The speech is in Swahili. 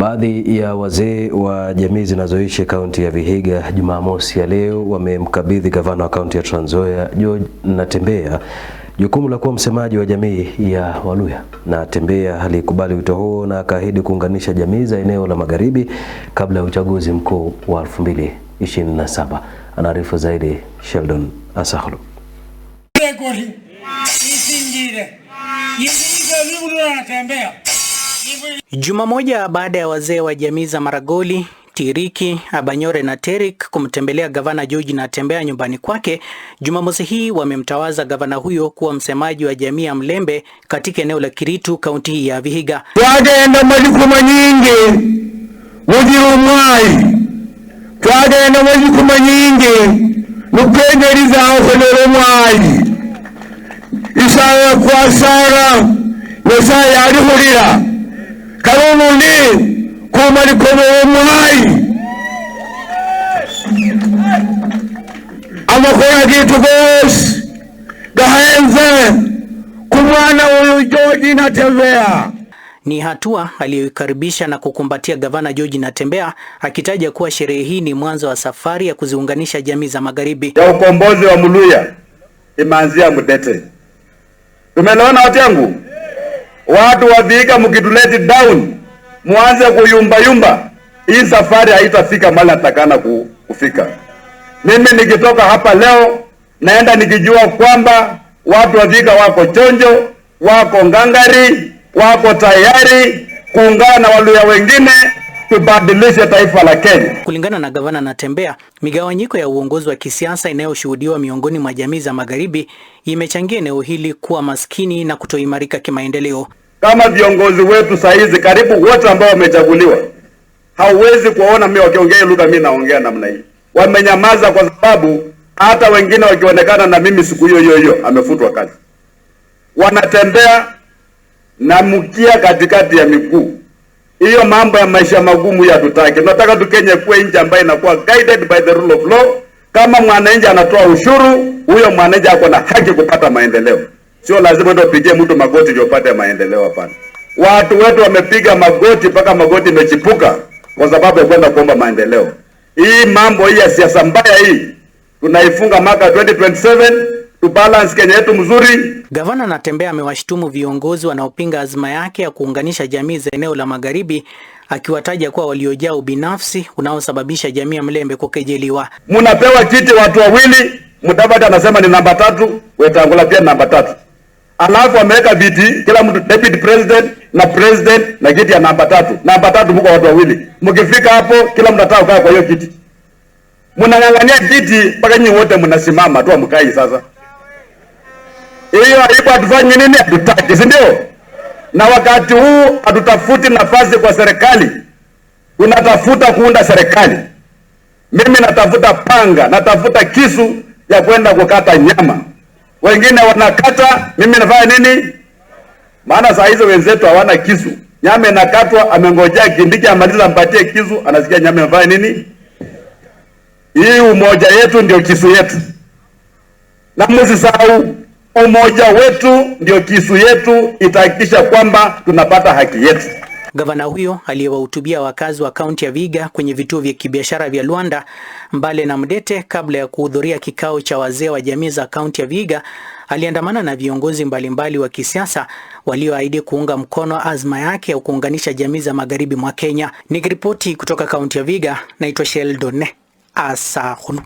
Baadhi ya wazee wa jamii zinazoishi kaunti ya Vihiga Jumamosi ya leo wamemkabidhi gavana wa kaunti ya Trans Nzoia George Natembeya jukumu la kuwa msemaji wa jamii ya Waluya. Natembeya alikubali wito huo na akaahidi kuunganisha jamii za eneo la magharibi kabla ya uchaguzi mkuu wa 2027. Anaarifu zaidi Sheldon Asahlu. Juma moja baada ya wazee wa jamii za Maragoli, Tiriki, Abanyore na Terik kumtembelea gavana George Natembeya nyumbani kwake, Jumamosi hii wamemtawaza gavana huyo kuwa msemaji wa jamii ya Mlembe katika eneo la Kiritu, kaunti ya Vihiga. twagenda mazikuma nyingi mujirumwai twagenda mazikuma nyingi isaya kwa kwasara nyasaye alihulira kalubundi kumalikome womulayi amakula gitu gosi gahenze kumwana huyu joji natembea Ni hatua aliyoikaribisha na kukumbatia Gavana George Natembea akitaja kuwa sherehe hii ni mwanzo wa safari ya kuziunganisha jamii za magharibi. Ya ukombozi wa Muluya imeanzia Mudete. Tumeelewana watu yangu? watu wa mkituleti down, mwanze kuyumbayumba, hii safari haitafika mahali natakana kufika. Mimi nikitoka hapa leo naenda nikijua kwamba watu wa wako chonjo, wako ngangari, wako tayari kuungana na Waluya wengine tubadilishe taifa la Kenya. Kulingana na gavana Natembeya, migawanyiko ya uongozi wa kisiasa inayoshuhudiwa miongoni mwa jamii za magharibi imechangia eneo hili kuwa maskini na kutoimarika kimaendeleo. Kama viongozi wetu saa hizi karibu wote ambao wamechaguliwa, hauwezi kuona mimi wakiongea lugha mimi naongea namna hii. Wamenyamaza kwa sababu hata wengine wakionekana na mimi siku hiyo hiyo hiyo amefutwa kazi. Wanatembea na mkia katikati ya miguu. Hiyo mambo ya maisha magumu ya tutaki. Nataka tukenya kuwe nchi ambayo inakuwa guided by the rule of law. Kama mwananchi anatoa ushuru, huyo mwananchi ako na haki kupata maendeleo. Sio lazima ndio upigie mtu magoti ndio upate maendeleo. Hapana, watu wetu wamepiga magoti mpaka magoti imechipuka kwa sababu ya kwenda kuomba maendeleo. Hii mambo hii ya siasa mbaya hii tunaifunga mwaka 2027 tu balance Kenya yetu mzuri. Gavana Natembeya amewashtumu viongozi wanaopinga azma yake ya kuunganisha jamii za eneo la magharibi, akiwataja kuwa waliojaa ubinafsi unaosababisha jamii ya Mlembe kukejeliwa. Munapewa kiti watu wawili, Mudavadi anasema ni namba tatu, Wetangula pia namba tatu alafu ameweka viti kila mtu deputy president na president na kiti ya namba tatu. Namba tatu mko watu wawili, mkifika hapo kila mtu atao kukaa kwa hiyo kiti, mnang'ang'ania kiti mpaka nyinyi wote mnasimama tu amkai. Sasa hiyo haipo, atufanye nini? Hatutaki, si ndio? Na wakati huu hatutafuti nafasi kwa serikali, tunatafuta kuunda serikali. Mimi natafuta panga, natafuta kisu ya kwenda kukata nyama wengine wanakata, mimi nafanya nini? Maana saa hizo wenzetu hawana kisu, nyama inakatwa, amengojea Kindiki amaliza ampatie kisu, anasikia nyama inafanya nini. Hii umoja yetu ndio kisu yetu, na msisahau umoja wetu ndio kisu yetu, itahakikisha kwamba tunapata haki yetu. Gavana huyo aliyewahutubia wakazi wa kaunti ya viga kwenye vituo vya kibiashara vya Luanda, Mbale na Mdete kabla ya kuhudhuria kikao cha wazee wa jamii za kaunti ya viga aliandamana na viongozi mbalimbali wa kisiasa walioahidi kuunga mkono azma yake ya kuunganisha jamii za magharibi mwa Kenya. Nikiripoti kutoka kaunti ya viga naitwa Sheldon Asahunu.